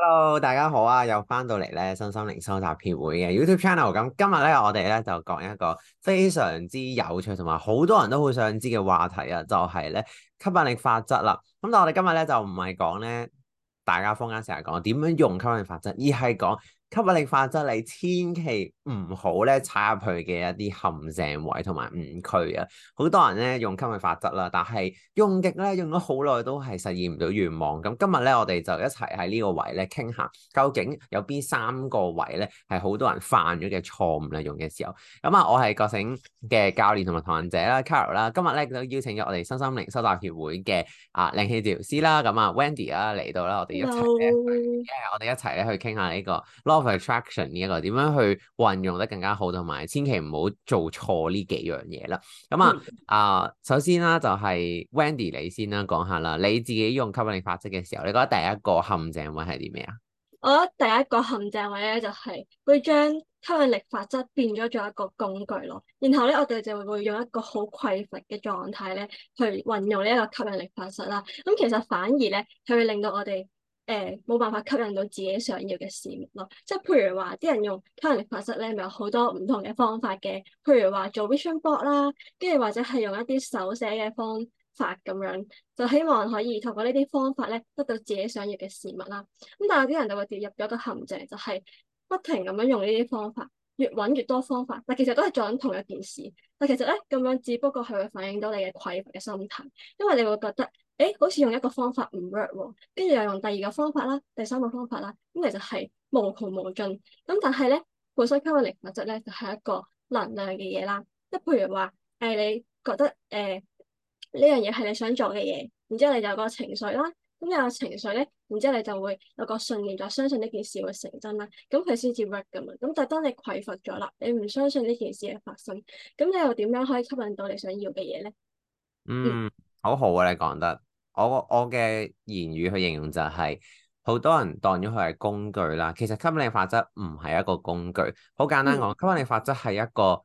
hello，大家好啊，又翻到嚟咧身心靈修習協會嘅 YouTube channel，咁今日咧我哋咧就講一個非常之有趣同埋好多人都好想知嘅話題啊，就係咧吸引力法則啦。咁但我哋今日咧就唔係講咧大家坊間成日講點樣用吸引力法則，而係講，吸引力法則你千祈唔好咧踩入去嘅一啲陷阱位同埋誤區啊！好多人咧用吸引力法則啦，但係用極咧用咗好耐都係實現唔到願望。咁今日咧我哋就一齊喺呢個位咧傾下，究竟有邊三個位咧係好多人犯咗嘅錯誤嚟用嘅時候。咁啊，我係覺醒嘅教練同埋唐人者啦，Carol 啦，Car ol，今日咧都邀請咗我哋身心靈修習協會嘅啊靈氣治療師啦，咁啊 Wendy 啊嚟到啦，我哋一齊咧，Hello. 我哋一齊咧去傾下呢個。attraction 呢一個點樣去運用得更加好，同埋千祈唔好做錯呢幾樣嘢啦。咁啊，啊、嗯呃，首先啦，就係 Wendy 你先啦，講下啦，你自己用吸引力法則嘅時候，你覺得第一個陷阱位係啲咩啊？我覺得第一個陷阱位咧，就係佢將吸引力法則變咗做一個工具咯。然後咧，我哋就會用一個好匱乏嘅狀態咧，去運用呢一個吸引力法則啦。咁其實反而咧，佢會令到我哋。誒冇、呃、辦法吸引到自己想要嘅事物咯，即係譬如話啲人用吸引力法則咧，咪有好多唔同嘅方法嘅，譬如話做 Vision Board 啦，跟住或者係用一啲手寫嘅方法咁樣，就希望可以透過呢啲方法咧，得到自己想要嘅事物啦。咁但係有啲人就會跌入咗個陷阱，就係不停咁樣用呢啲方法，越揾越多方法，但其實都係做緊同一件事。但其實咧咁樣，只不過係會反映到你嘅匱乏嘅心態，因為你會覺得。誒，好似用一個方法唔 work 喎，跟住又用第二個方法啦，第三個方法啦，咁其實係無窮無盡。咁但係咧，本身吸引力物質咧就係一個能量嘅嘢啦。即係譬如話，誒、呃，你覺得誒呢樣嘢係你想做嘅嘢，然之後你就有個情緒啦，咁有個情緒咧，然之後你就會有個信念，就相信呢件事會成真啦。咁佢先至 work 噶嘛。咁但係當你匱乏咗啦，你唔相信呢件事嘅發生，咁你又點樣可以吸引到你想要嘅嘢咧？嗯，嗯，好好啊，你講得。我我嘅言語去形容就係、是，好多人當咗佢係工具啦。其實吸引力法則唔係一個工具，好簡單講，吸引力法則係一個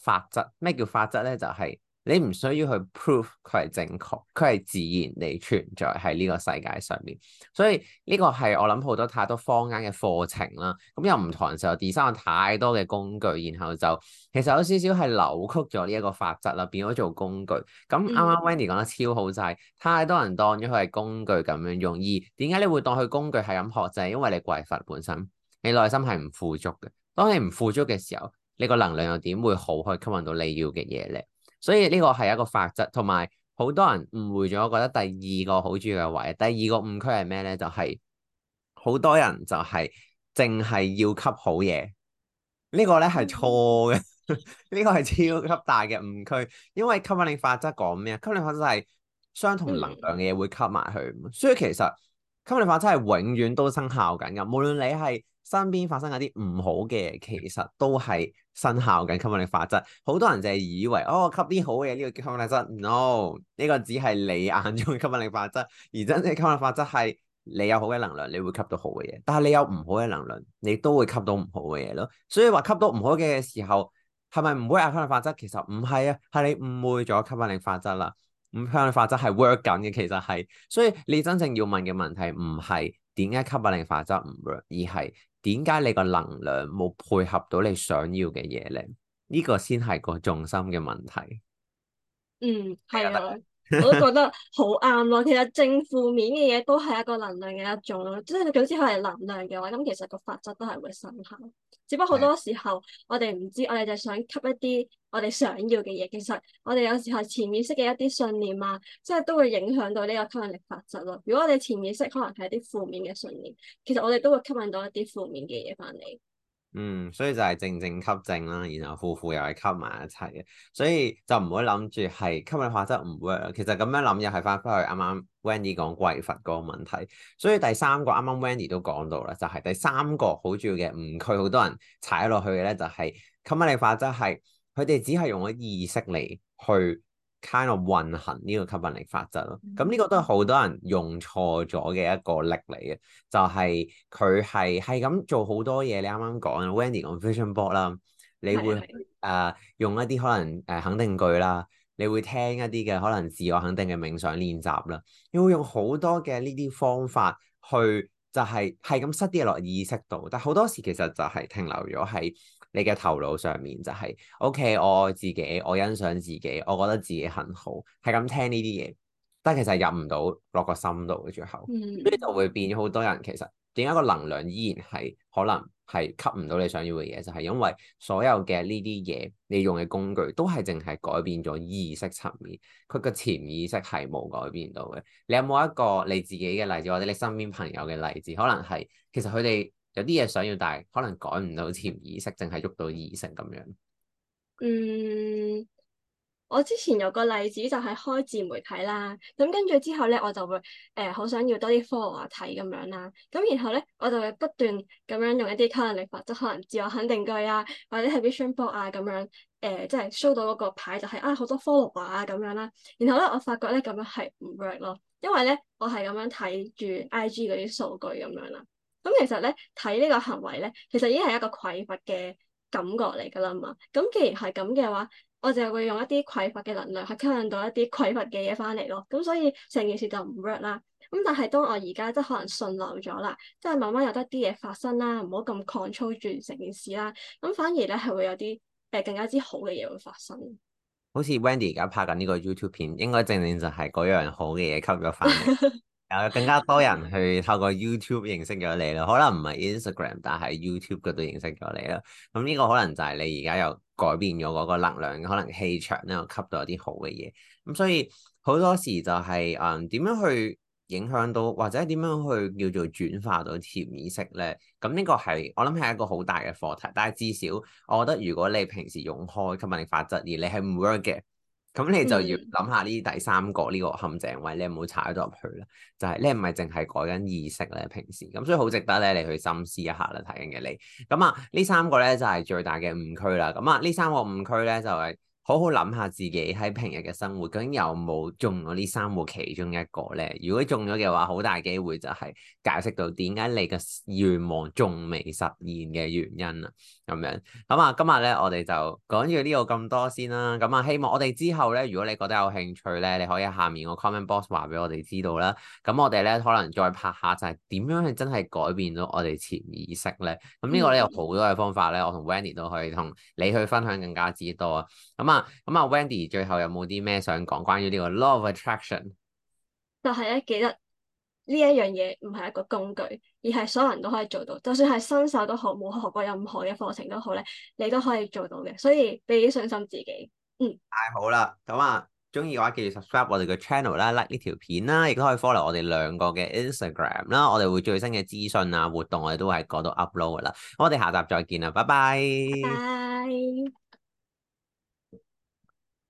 法則。咩叫法則咧？就係、是。你唔需要去 prove 佢係正確，佢係自然地存在喺呢個世界上面。所以呢個係我諗好多太多坊間嘅課程啦，咁又唔同時候 design 太多嘅工具，然後就其實有少少係扭曲咗呢一個法則啦，變咗做工具。咁啱啱 Wendy 講得超好就係太多人當咗佢係工具咁樣用，而點解你會當佢工具係咁學？就係因為你匱乏本身，你內心係唔富足嘅。當你唔富足嘅時候，你個能量又點會好去吸引到你要嘅嘢咧？所以呢個係一個法則，同埋好多人誤會咗，我覺得第二個好重要嘅位，第二個誤區係咩咧？就係、是、好多人就係淨係要吸好嘢，呢個、呢 個咧係錯嘅，呢個係超級大嘅誤區。因為吸引力法則講咩啊？吸引力法則係相同能量嘅嘢會吸埋去，所以其實吸引力法則係永遠都生效緊嘅，無論你係。身邊發生嗰啲唔好嘅，其實都係生效緊吸引力法則。好多人就係以為哦，吸啲好嘅嘢，呢個吸引力法則，no，呢個只係你眼中吸引力法則，而真正吸引力法則係你有好嘅能量，你會吸到好嘅嘢。但係你有唔好嘅能量，你都會吸到唔好嘅嘢咯。所以話吸到唔好嘅嘅時候，係咪唔會吸引力法則？其實唔係啊，係你誤會咗吸引力法則啦。吸引力法則係 work 緊嘅，其實係。所以你真正要問嘅問題唔係點解吸引力法則唔 work，而係。點解你個能量冇配合到你想要嘅嘢咧？呢個先係個重心嘅問題。嗯，係啊，我都覺得好啱咯。 其實正負面嘅嘢都係一個能量嘅一種咯，即係總之係能量嘅話，咁其實個法則都係會生效。只不過好多時候，我哋唔知，我哋就想吸一啲我哋想要嘅嘢。其實我哋有時候潛意識嘅一啲信念啊，即係都會影響到呢個吸引力法則咯。如果我哋潛意識可能係一啲負面嘅信念，其實我哋都會吸引到一啲負面嘅嘢翻嚟。嗯，所以就係正正吸正啦，然後負負又係吸埋一齊嘅，所以就唔會諗住係吸引力法則唔 work。其實咁樣諗又係翻返去啱啱 Wendy 講匱乏嗰個問題。所以第三個啱啱 Wendy 都講到啦，就係、是、第三個好主要嘅誤區，好多人踩落去嘅咧，就係吸引力法則係佢哋只係用咗意識嚟去。Kind of 運行呢個吸引力法則咯，咁呢、mm hmm. 個都係好多人用錯咗嘅一個力嚟嘅，就係佢係係咁做好多嘢。你啱啱講，Wendy on Vision Board 啦，你會誒、mm hmm. 呃、用一啲可能誒、呃、肯定句啦，你會聽一啲嘅可能自我肯定嘅冥想練習啦，你會用好多嘅呢啲方法去就係係咁塞啲嘢落意識度，但好多時其實就係停留咗喺。你嘅頭腦上面就係 OK，我愛自己我欣賞自己，我覺得自己很好，係咁聽呢啲嘢，但係其實入唔到落個深度最後，呢啲就會變好多人其實點解個能量依然係可能係吸唔到你想要嘅嘢，就係因為所有嘅呢啲嘢你用嘅工具都係淨係改變咗意識層面，佢個潛意識係冇改變到嘅。你有冇一個你自己嘅例子，或者你身邊朋友嘅例子，可能係其實佢哋？有啲嘢想要，但係可能改唔到，潛意識淨係喐到異性咁樣。嗯，我之前有個例子就係開自媒體啦，咁跟住之後咧，我就會誒好、呃、想要多啲 follower 睇咁樣啦。咁然後咧，我就會不斷咁樣用一啲吸引力法則，可能自我肯定句啊，或者係 vision board 啊咁樣，誒即係 show 到嗰個牌就係、是、啊好多 follower 啊咁樣啦。然後咧，我發覺咧咁樣係唔 work 咯，因為咧我係咁樣睇住 IG 嗰啲數據咁樣啦。咁其實咧睇呢個行為咧，其實已經係一個匱乏嘅感覺嚟㗎啦嘛。咁既然係咁嘅話，我就係會用一啲匱乏嘅能量去吸引到一啲匱乏嘅嘢翻嚟咯。咁所以成件事就唔 work 啦。咁但係當我而家即係可能順流咗啦，即係慢慢有得啲嘢發生啦，唔好咁 control 住成件事啦。咁反而咧係會有啲誒、呃、更加之好嘅嘢會發生。好似 Wendy 而家拍緊呢個 YouTube 片，應該正正就係嗰樣好嘅嘢吸咗翻嚟。 有更加多人去透過 YouTube 認識咗你咯，可能唔係 Instagram，但係 YouTube 嗰度認識咗你啦。咁呢個可能就係你而家又改變咗嗰個能量，可能氣場咧，又吸到一啲好嘅嘢。咁所以好多時就係、是，嗯，點樣去影響到，或者點樣去叫做轉化到潛意識咧？咁呢個係我諗係一個好大嘅課題。但係至少，我覺得如果你平時用開吸引力法則而你係唔 work 嘅。咁你就要諗下呢第三個呢個陷阱位，你有冇踩咗入去咧？就係你唔係淨係改緊意識咧，平時咁，所以好值得咧，你去深思一下啦，睇緊嘅你。咁啊，呢三個咧就係最大嘅誤區啦。咁啊，呢三個誤區咧就係。好好諗下自己喺平日嘅生活，究竟有冇中咗呢三個其中一個咧？如果中咗嘅話，好大機會就係解釋到點解你嘅願望仲未實現嘅原因啊！咁樣咁啊，今日咧我哋就講住呢度咁多先啦，啊。咁啊，希望我哋之後咧，如果你覺得有興趣咧，你可以下面個 comment box 話俾我哋知道啦。咁我哋咧可能再拍下就係點樣去真係改變咗我哋潛意識咧？咁呢個咧有好多嘅方法咧，我同 Wendy 都可以同你去分享更加之多啊！咁啊。咁阿、啊、Wendy 最後有冇啲咩想講關於呢個 Law of Attraction？就係咧，記得呢一樣嘢唔係一個工具，而係所有人都可以做到。就算係新手都好，冇學過任何嘅課程都好咧，你都可以做到嘅。所以畀啲信心自己。嗯，係、哎、好啦。咁啊，中意嘅話記住 subscribe 我哋嘅 channel 啦，like 呢條片啦，亦都可以 follow 我哋兩個嘅 Instagram 啦。我哋會最新嘅資訊啊，活動我哋都係度 upload 噶啦。我哋下集再見啦，拜拜。拜。